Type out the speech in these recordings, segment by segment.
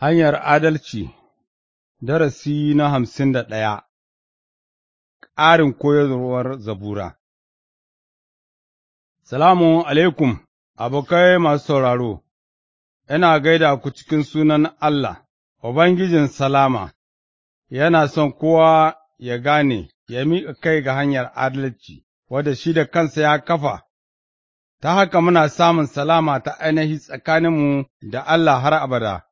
Hanyar Adalci Darasi na hamsin da ɗaya Ƙarin koyarwar Zabura Salamu alaikum, abokai masu sauraro, ina gaida ku cikin sunan Allah, Ubangijin Salama, yana son kowa ya gane ya miƙa kai ga hanyar adalci, wadda shi da kansa ya kafa, ta haka muna samun salama ta ainihi tsakaninmu da Allah har abada.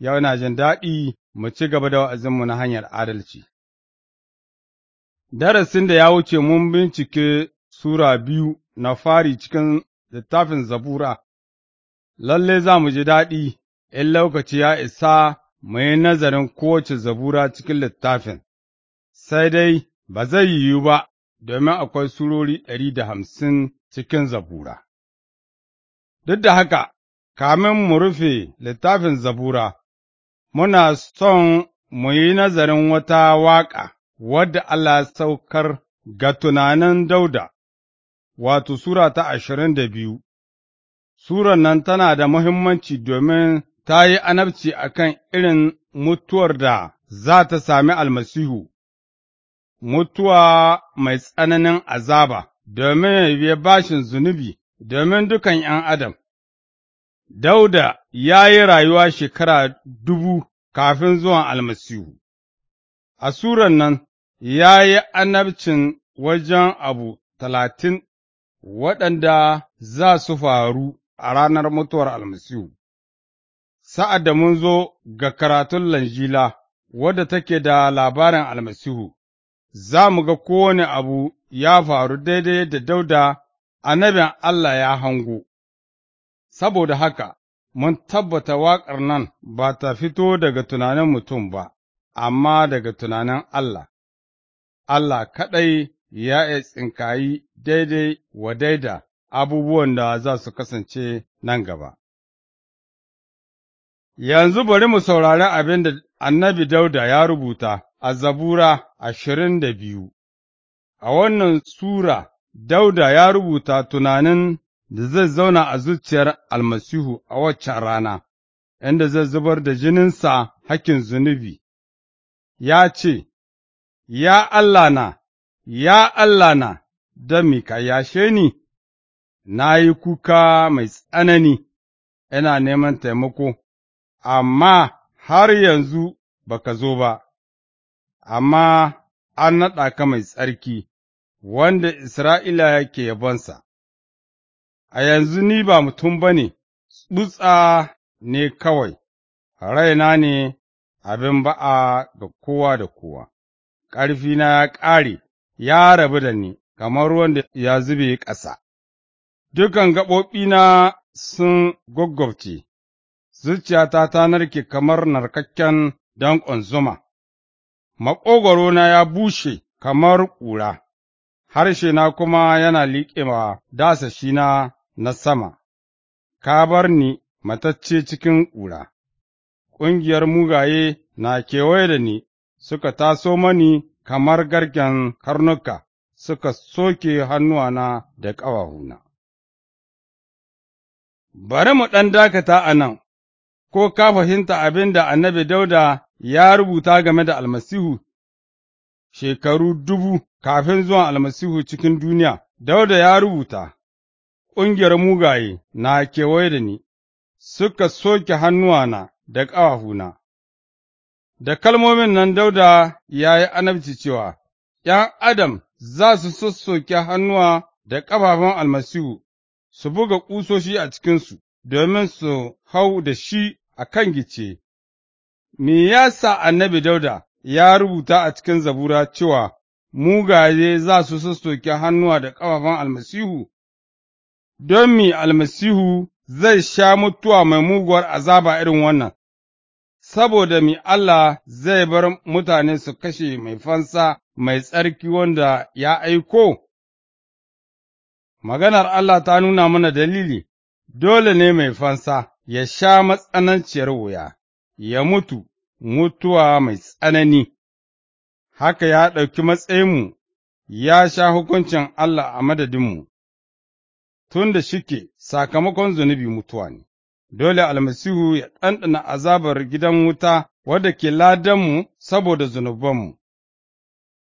yau na jin daɗi mu ci gaba da wa'azinmu na hanyar adalci. Darasin da ya wuce mun bincike Sura biyu na fari cikin littafin zabura, lalle za mu ji daɗi in lokaci ya isa mu yi nazarin kowace zabura cikin littafin, sai dai ba zai yiwu ba domin akwai surori ɗari da hamsin cikin zabura. Duk da haka, kamin mu rufe littafin zabura, muna son mu yi nazarin wata waƙa wadda Allah saukar ga tunanin Dauda, wato Sura ta ashirin da biyu. Suran nan tana da muhimmanci domin ta yi anabci a kan irin mutuwar da za ta sami almasihu, mutuwa mai tsananin azaba, domin ya bashin zunubi, domin dukan ’yan Adam. Dauda ya yi rayuwa shekara dubu kafin zuwan almasihu, a suran nan ya yi annabcin wajen abu talatin waɗanda za su faru a ranar mutuwar almasihu. Sa'ad da mun zo ga karatun Lanjila wadda take da labarin almasihu, za mu ga kowane abu ya faru daidai da Dauda annabin Allah ya hango. saboda haka mun tabbata waƙar nan ba ta fito daga tunanin mutum ba, amma daga tunanin Allah, Allah kaɗai ya iya tsinkayi daidai wa daida abubuwan da za su kasance nan gaba. Yanzu bari mu saurari abin da annabi Dauda ya rubuta a Zabura ashirin da biyu, a wannan Sura Dauda ya rubuta tunanin da zai zauna a zuciyar almasihu a waccan rana, inda zai zubar da jininsa hakkin zunubi, ya ce, Ya Allah na, ya Allah na, don mi ka yashe ni, na yi kuka mai tsanani, ina neman taimako, amma har yanzu baka zo ba, amma an naɗa ka mai tsarki, wanda Isra'ila yake yabonsa. a yanzu ni ba mutum ba ne, tsutsa ne kawai, raina ne abin ba'a ga kowa da kowa, ƙarfina ya ƙare, ya rabu da ni, kamar ruwan da ya zube ƙasa. Dukan gaɓoɓina sun gwaggwabce, zuciyata ta narke kamar narkakken danƙon zuma, na ya bushe kamar ƙura, harshena kuma yana liƙe liƙewa dasashina na sama, ka bar ni matacce cikin ƙura, ƙungiyar mugaye na kewaye da ni suka taso mani kamar garken karnuka suka soke hannuwana da ƙawahuna. Bari mu ɗan dakata a nan, ko ka fahimta abin da annabi Dauda ya rubuta game da almasihu shekaru dubu kafin zuwan almasihu cikin duniya, Dauda ya rubuta. ƙungiyar mugaye na kewaye da ni, suka soke hannuwana da ƙafafuna. Da kalmomin nan dauda ya yi anabci cewa, ’yan Adam za su sassoke hannuwa da ƙafafun almasihu, su buga ƙusoshi a cikinsu, domin su hau da shi a kan gice. Me ya sa annabi dauda ya rubuta a cikin zabura cewa mugaye za su sassoke hannuwa da ƙafafun almasihu? don mi almasihu zai sha mutuwa mai muguwar azaba irin wannan, saboda mi Allah zai bar mutane su kashe mai fansa mai tsarki wanda ya aiko? Maganar Allah ta nuna mana dalili, dole ne mai fansa ya sha matsananciyar wuya, ya mutu mutuwa mai tsanani, haka ya ɗauki matsayinmu, ya sha hukuncin Allah a madadinmu. tun da shike sakamakon zunubi mutuwa ne, dole almasihu ya ɗanɗana azabar gidan wuta wadda ke ladanmu saboda zunubanmu.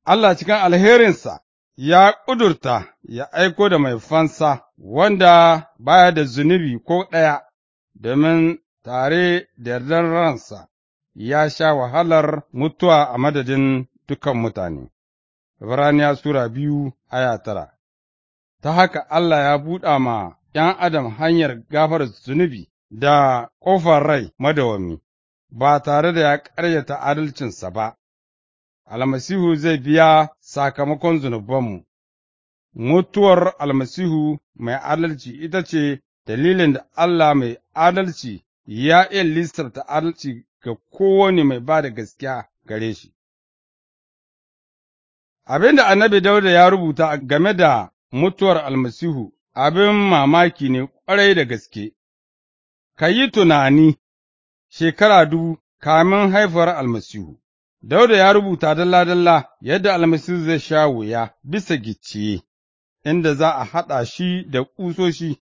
Allah cikin alherinsa ya ƙudurta ya aiko da mai fansa wanda baya da zunubi ko ɗaya, domin tare da yardar ransa ya sha wahalar mutuwa a madadin dukan mutane. Ibraniya Sura biyu aya tara ta haka Allah ya buɗa ma ’yan adam hanyar gafar zunubi da ƙofar rai madawami, ba tare da ya ƙaryata adalcinsa ba, almasihu zai biya sakamakon zunubanmu. Mutuwar almasihu mai adalci ita ce dalilin da Allah mai adalci ya iya lissafta adalci ga kowane mai ba da gaskiya gare shi. Abin da annabi Dauda ya rubuta game da mutuwar almasihu abin mamaki ne ƙwarai da gaske, ka yi tunani shekara dubu kamin haifar almasihu, Dauda ya rubuta dalla-dalla yadda almasihu zai sha wuya bisa gicciye, inda za a haɗa shi da ƙusoshi,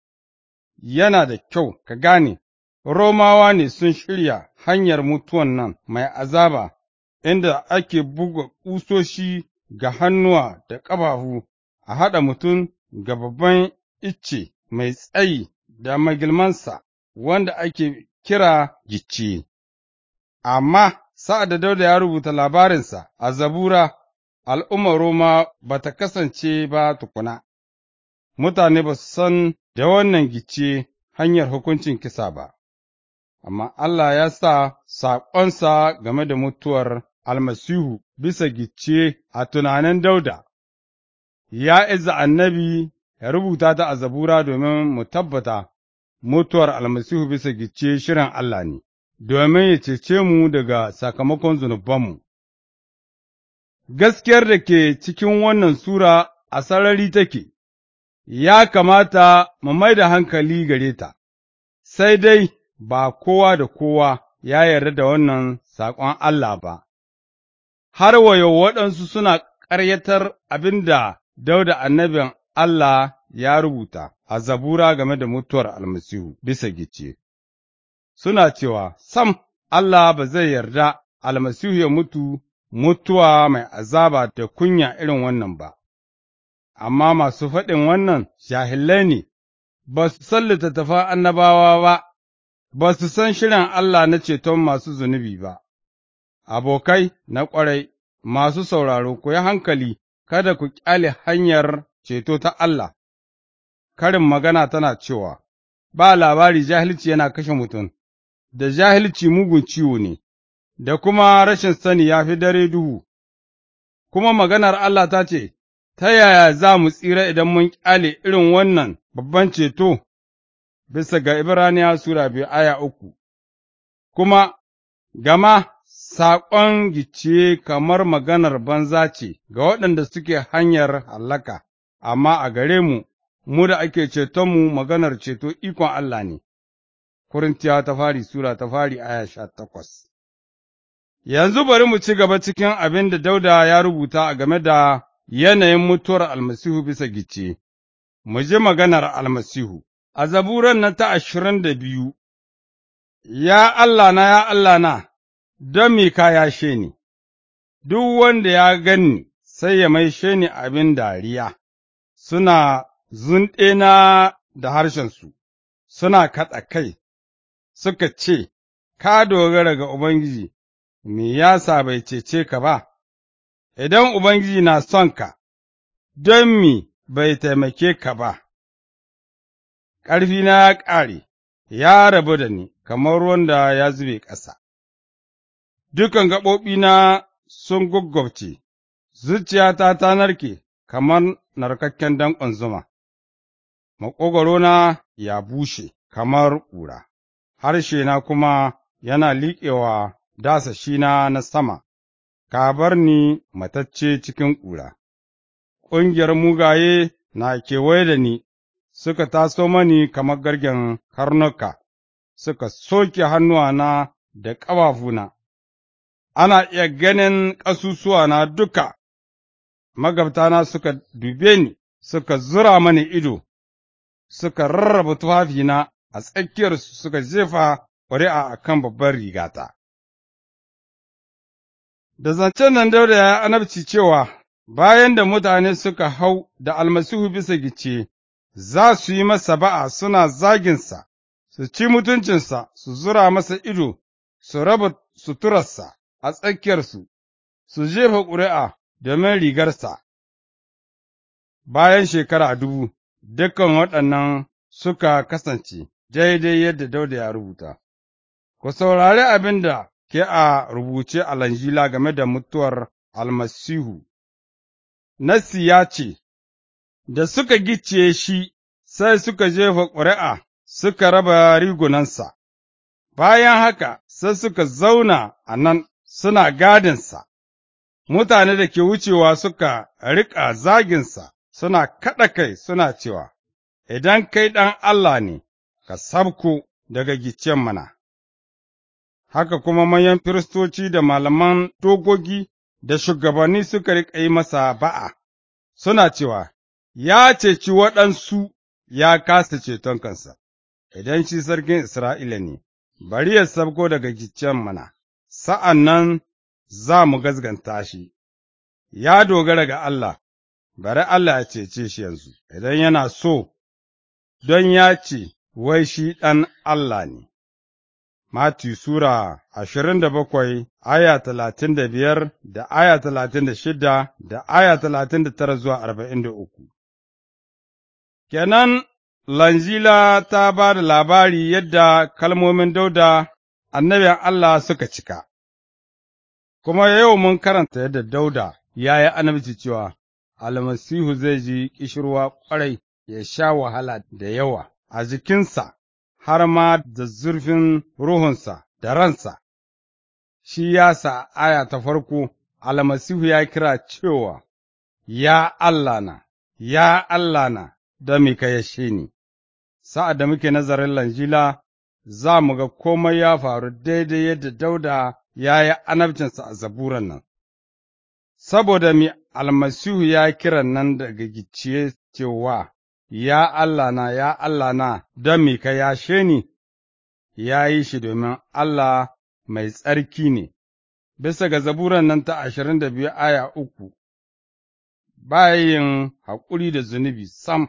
yana da kyau ka gane, Romawa ne sun shirya hanyar mutuwan nan mai azaba, inda ake buga ƙusoshi ga hannuwa da ƙafafu a haɗa mutum ga babban icce mai tsayi da magilmansa wanda ake kira gice. Amma sa'ad da Dauda ya rubuta labarinsa a zabura, al'ummar Roma ba ta kasance ba tukuna, mutane ba su san da wannan gice hanyar hukuncin kisa ba, amma Allah ya sa saƙonsa game da mutuwar almasihu bisa gice a tunanin Dauda ya iza annabi ya rubuta ta a zabura domin mu tabbata mutuwar almasihu bisa gice shirin Allah ne, domin ya cece mu daga sakamakon zunubanmu. Gaskiyar da ke cikin wannan Sura a sarari take, ya kamata mu mai da hankali gare ta, sai dai ba kowa da kowa ya yarda da wannan saƙon Allah ba, har wayo waɗansu suna ƙaryatar abin da Dauda annabin Allah ya rubuta a zabura game da mutuwar almasihu bisa gice, suna cewa, Sam, Allah ba zai yarda almasihu ya mutu mutuwa mai azaba da kunya irin wannan ba, amma masu faɗin wannan shahillai ne, ba su san littattafan annabawa ba, ba su san shirin Allah na ceton masu zunubi ba, abokai na ƙwarai, masu sauraro, ku yi hankali kada ku ƙyale hanyar ceto ta Allah, karin magana tana cewa, Ba labari jahilci yana kashe mutum, da jahilci mugun ciwo ne, da kuma rashin sani ya fi dare duhu, kuma maganar Allah ta ce, Ta yaya za mu tsira idan mun ƙyale irin wannan babban ceto, bisa ga Ibraniya Sura biyu aya uku, kuma, gama saƙon gice kamar maganar banza ce ga waɗanda suke hanyar hallaka, amma a gare mu, mu da ake cetonmu maganar ceto ikon Allah ne. Kurintiyawa ta fari Sura ta fari aya sha takwas Yanzu bari mu ci gaba cikin abin da Dauda ya rubuta a game da yanayin mutuwar almasihu bisa gice, mu ji maganar almasihu, a zaburan na ta ashirin da biyu, Ya Allah na, ya Allah na, don mi ka yashe ni, duk wanda ya ganni sai ya maishe ni abin dariya, suna zunɗe na da harshensu, suna katsa kai, suka ce, Ka dogara ga Ubangiji, me yasa bai cece ka ba, idan Ubangiji na son ka, don mi bai taimake ka ba, ƙarfina ya ƙare, ya rabu da ni kamar wanda ya zube ƙasa. dukan gaɓoɓina sun gaggwabce, zuciyata ta narke kamar narkakken danƙon zuma, maƙogwarona ya bushe kamar ƙura, harshena kuma yana liƙewa dasa shina na sama, ka bar ni matacce cikin ƙura. Ƙungiyar mugaye na kewaye da ni suka taso mani kamar gargen karnuka, suka soke hannuwana da ƙafafuna, ana iya ganin ƙasusuwa na duka, magabtana suka dube ni, suka zura mani ido, suka rarraba tufafina a tsakiyarsu suka jefa ƙuri'a a kan babbar rigata. Da zancen nan dauda ya anabci cewa, bayan da mutane suka hau da almasihu bisa gice, za su yi masa ba'a suna zaginsa, su ci mutuncinsa, su zura masa ido, su raba suturarsa, a tsakiyarsu, su jefa ƙuri'a domin rigarsa, bayan shekara dubu, dukan waɗannan suka kasance daidai yadda Dauda ya rubuta. Ku saurari abin da ke a rubuce a Lanjila game da mutuwar almasihu, Nassi ya ce, Da suka gice shi, sai suka jefa ƙuri'a suka raba rigunansa, bayan haka sai suka zauna a nan suna gadinsa, mutane da ke wucewa suka riƙa zaginsa, suna kaɗa kai suna cewa, Idan kai ɗan Allah ne, ka sabko daga gicen mana. Haka kuma manyan firistoci da malaman dogogi da shugabanni suka riƙa yi masa ba'a, suna cewa, Ya ceci waɗansu ya kasa ceton kansa, idan shi sarkin Isra'ila ne, bari ya sabko daga gicen mana. sa'an nan za mu gazganta shi, ya dogara ga Allah, bari Allah ya cece shi yanzu, idan yana so, don ya ce, wai shi ɗan Allah ne. Mati Sura ashirin da bakwai, aya talatin da biyar da aya talatin da shida da aya talatin da tara zuwa arba'in da uku. Kenan, Lanzila ta ba da labari yadda kalmomin Dauda annabin Allah suka cika, kuma yau mun karanta yadda Dauda ya yi annabci cewa almasihu zai ji ƙishirwa ƙwarai ya sha wahala da yawa a jikinsa har ma da zurfin ruhunsa da ransa, shi ya sa aya ta farko almasihu ya kira cewa, Ya Allah na, ya Allah na, da mika yashe ni, sa'ad da muke nazarin Lanjila za mu ga komai ya faru daidai yadda Dauda ya yi anabcinsa a zaburan nan, saboda mi almasihu ya kiran nan daga gicciye cewa, Ya Allah na, ya Allah na, don mi ka yashe ni, ya yi shi domin Allah mai tsarki ne, bisa ga zaburan nan ta ashirin da biyu aya uku, bayan haƙuri da zunubi sam,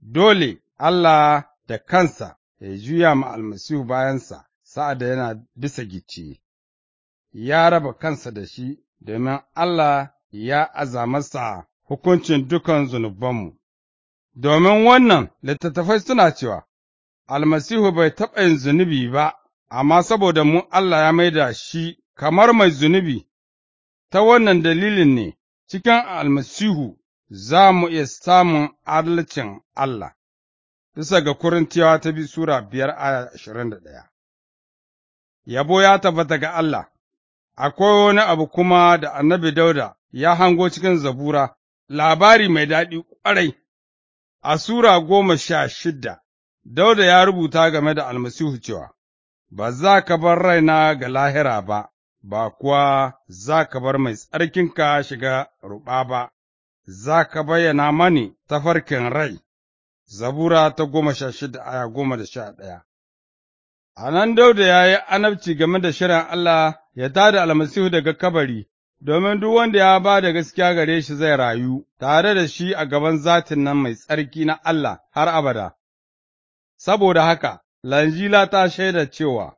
dole Allah da kansa ya juya ma almasihu bayansa sa'ad da yana bisa gici ya raba kansa da shi domin Allah ya aza hukuncin dukan zunubanmu, domin wannan littattafai suna cewa, Almasihu bai taɓa yin zunubi ba, amma saboda mu Allah ya maida shi kamar mai zunubi, ta wannan dalilin ne cikin almasihu za mu iya samun adalcin Allah. bisa ga Korintiyawa ta bi Sura biyar aya ashirin da ɗaya. Yabo ya tabbata ga Allah, akwai wani abu kuma da annabi Dauda ya hango cikin zabura, labari mai daɗi ƙwarai, a Sura goma sha shidda, Dauda ya rubuta game da almasihu cewa, Ba za ka bar raina ga lahira ba, ba kuwa za ka bar mai tsarkinka shiga ruɓa ba, za ka bayyana mani tafarkin rai. Zabura ta goma sha shida aya goma da sha ɗaya. A nan Dauda ya yi anabci game da shirin Allah ya tā da almasihu daga kabari, domin duk wanda ya ba da gaskiya gare shi zai rayu tare da shi a gaban zatin nan mai tsarki na Allah har abada. Saboda haka, Lanjila ta shaida cewa,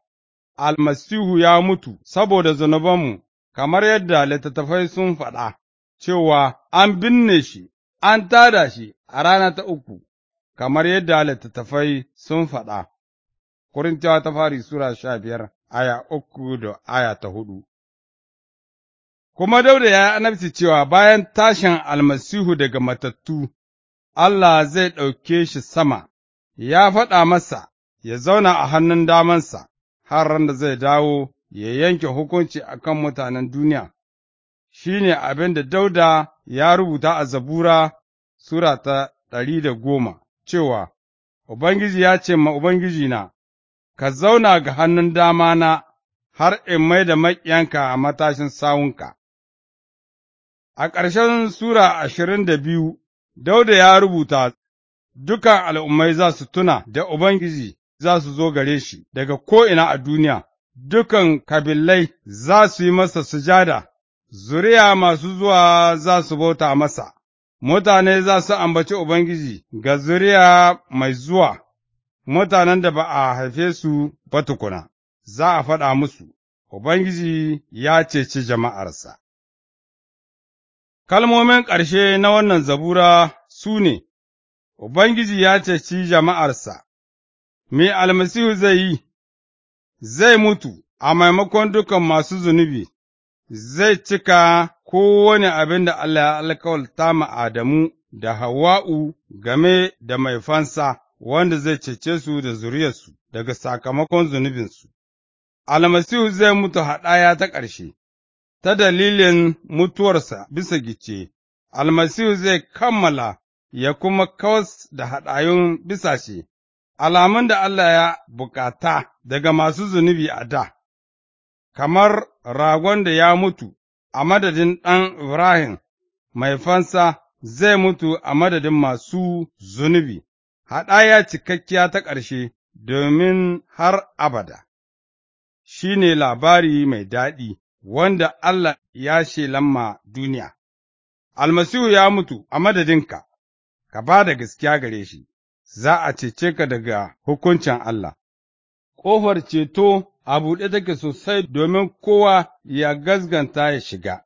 Almasihu ya mutu saboda zunubanmu, kamar yadda littattafai sun faɗa, cewa an binne shi, an tada shi a rana ta uku. kamar yadda littattafai sun faɗa. Kurintiyawa ta fari Sura sha biyar aya uku da aya ta hudu Kuma Dauda ya yi anabci cewa bayan tashin almasihu daga matattu, Allah zai ɗauke shi sama, ya faɗa masa, ya zauna a hannun damansa, har ran da zai dawo ya yanke hukunci a kan mutanen duniya, shi ne abin da Dauda ya rubuta a Zabura Sura ta ɗari da goma. cewa, Ubangiji ya ce ma Ubangiji na, Ka zauna ga hannun dama na har in mai da maƙiyanka a matashin sawunka. A ƙarshen Sura ashirin da biyu, Dauda ya rubuta, Dukan al'ummai za su tuna da Ubangiji za su zo gare shi daga ko'ina a duniya, dukan kabilai za su yi masa sujada, zuriya masu zuwa za su bauta masa. mutane za su ambaci Ubangiji ga zuriya mai zuwa, mutanen da ba a haife su ba tukuna, za a faɗa musu, Ubangiji ya ceci jama'arsa. Kalmomin ƙarshe na wannan zabura su ne, Ubangiji ya ceci jama'arsa, me almasihu zai yi, zai mutu a maimakon dukan masu zunubi, zai cika kowane abin da Allah ya alkawalta ma Adamu da Hawwa'u game da mai fansa wanda zai cece su da zuriyarsu daga sakamakon zunubinsu. Almasihu zai mutu haɗaya ta ƙarshe, ta dalilin mutuwarsa bisa gice, almasihu zai kammala ya kuma kawas da haɗayun bisashe, alamun da Allah ya bukata daga masu zunubi a da, kamar ragon da ya mutu a madadin ɗan Ibrahim mai fansa zai mutu a madadin masu zunubi, haɗaya cikakkiya ta ƙarshe domin har abada, shi ne labari mai daɗi wanda Allah ya lamma duniya. Almasihu ya mutu a madadinka, ka ba da gaskiya gare shi, za a cece ka daga hukuncin Allah. Ƙofar ceto a buɗe take sosai domin kowa ya gazganta ya shiga,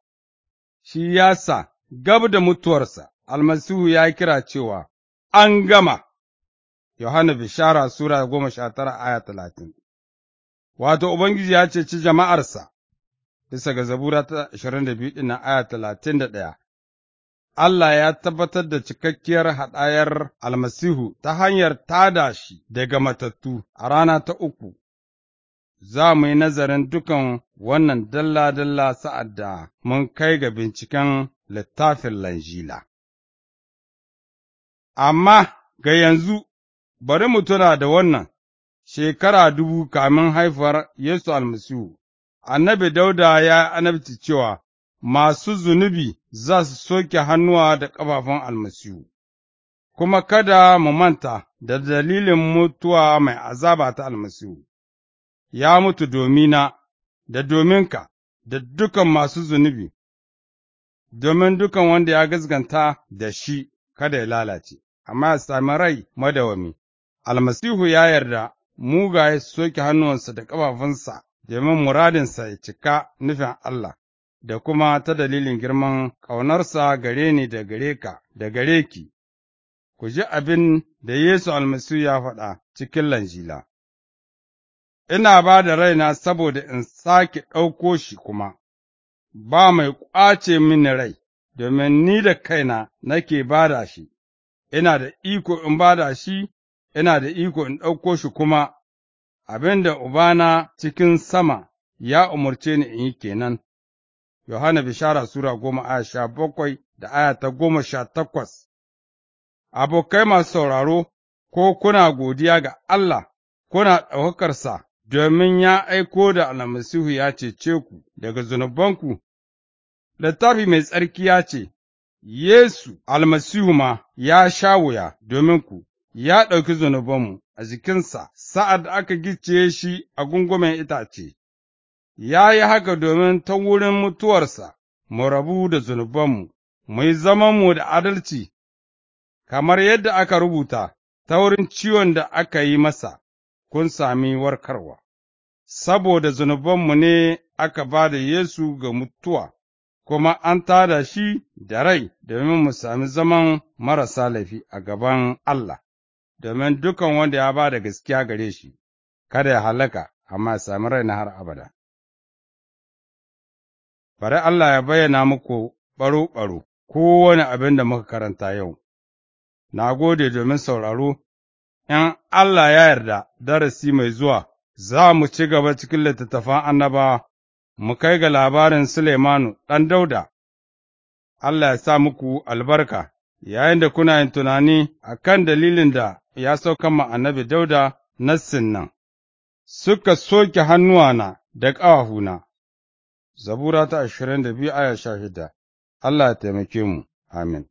shi ya sa gab da mutuwarsa, almasihu ya kira cewa, An gama, Yohana Bishara Sura goma sha tara aya talatin. Wato, Ubangiji ya ceci jama'arsa, bisa ga zabura ta ashirin da biyu ɗin aya talatin da ɗaya. Allah ya tabbatar da cikakkiyar haɗayar almasihu ta hanyar tada shi daga matattu a rana ta uku za mu yi nazarin dukan wannan dalla-dalla sa'ad da mun kai ga binciken littafin Lanjila. Amma ga yanzu, bari mu tuna da wannan shekara dubu kamin haifar Yesu almasihu, annabi Dauda ya anabci cewa masu zunubi za su soke hannuwa da ƙafafun almasihu, kuma kada mu manta da dalilin mutuwa mai azaba ta almasihu. ya mutu domina da dominka da dukan masu zunubi, domin dukan wanda ya gaskanta da shi kada ya lalace, amma ya sami rai madawami. Almasihu ya yarda mugaye su soke hannuwansa da ƙafafunsa domin muradinsa ya cika nufin Allah, da kuma ta dalilin girman ƙaunarsa gare ni da gare ka da gare ki, ku ji abin da Yesu almasihu ya faɗa cikin Lanjila. ina ba da raina saboda in sake ɗauko shi kuma, ba mai ƙwace mini rai, domin ni da kaina nake ba da shi, ina da iko in ba da shi, ina da iko in ɗauko shi kuma, abin da Ubana cikin sama ya umarce ni in yi kenan. Yohana Bishara Sura goma aya sha bakwai da aya ta goma sha takwas Abokai masu sauraro, ko kuna godiya ga Allah, kuna ɗaukakarsa domin ya aiko da almasihu ya cece ku daga zunubanku, littafi mai tsarki ya ce, Yesu almasihu ma ya sha wuya domin ku, ya ɗauki zunubanmu a jikinsa sa'ad da aka gice shi a gungumen itace, ya yi haka domin ta wurin mutuwarsa mu rabu da zunubanmu, mu yi zamanmu da adalci, kamar yadda aka rubuta ta wurin ciwon da aka yi masa, kun sami warkarwa, saboda zunubanmu ne aka ba da Yesu ga mutuwa, kuma an tada shi da rai domin mu sami zaman marasa laifi a gaban Allah, domin dukan wanda ya ba da gaskiya gare shi, kada ya halaka, amma ya sami rai na har abada. Bari Allah ya bayyana muku ɓaro-ɓaro kowane abin da muka karanta yau, na gode domin sauraro in Allah ya yarda darasi mai zuwa, za mu ci gaba cikin littattafan annaba, mu kai ga labarin Suleimanu ɗan Dauda. Allah ya sa muku albarka, yayin da kuna yin tunani a kan dalilin da ya sauka ma annabi Dauda na nan, suka soke hannuwana da ƙawahuna. Zabura ta ashirin da biyu aya sha shida, Allah ya taimake mu, amin.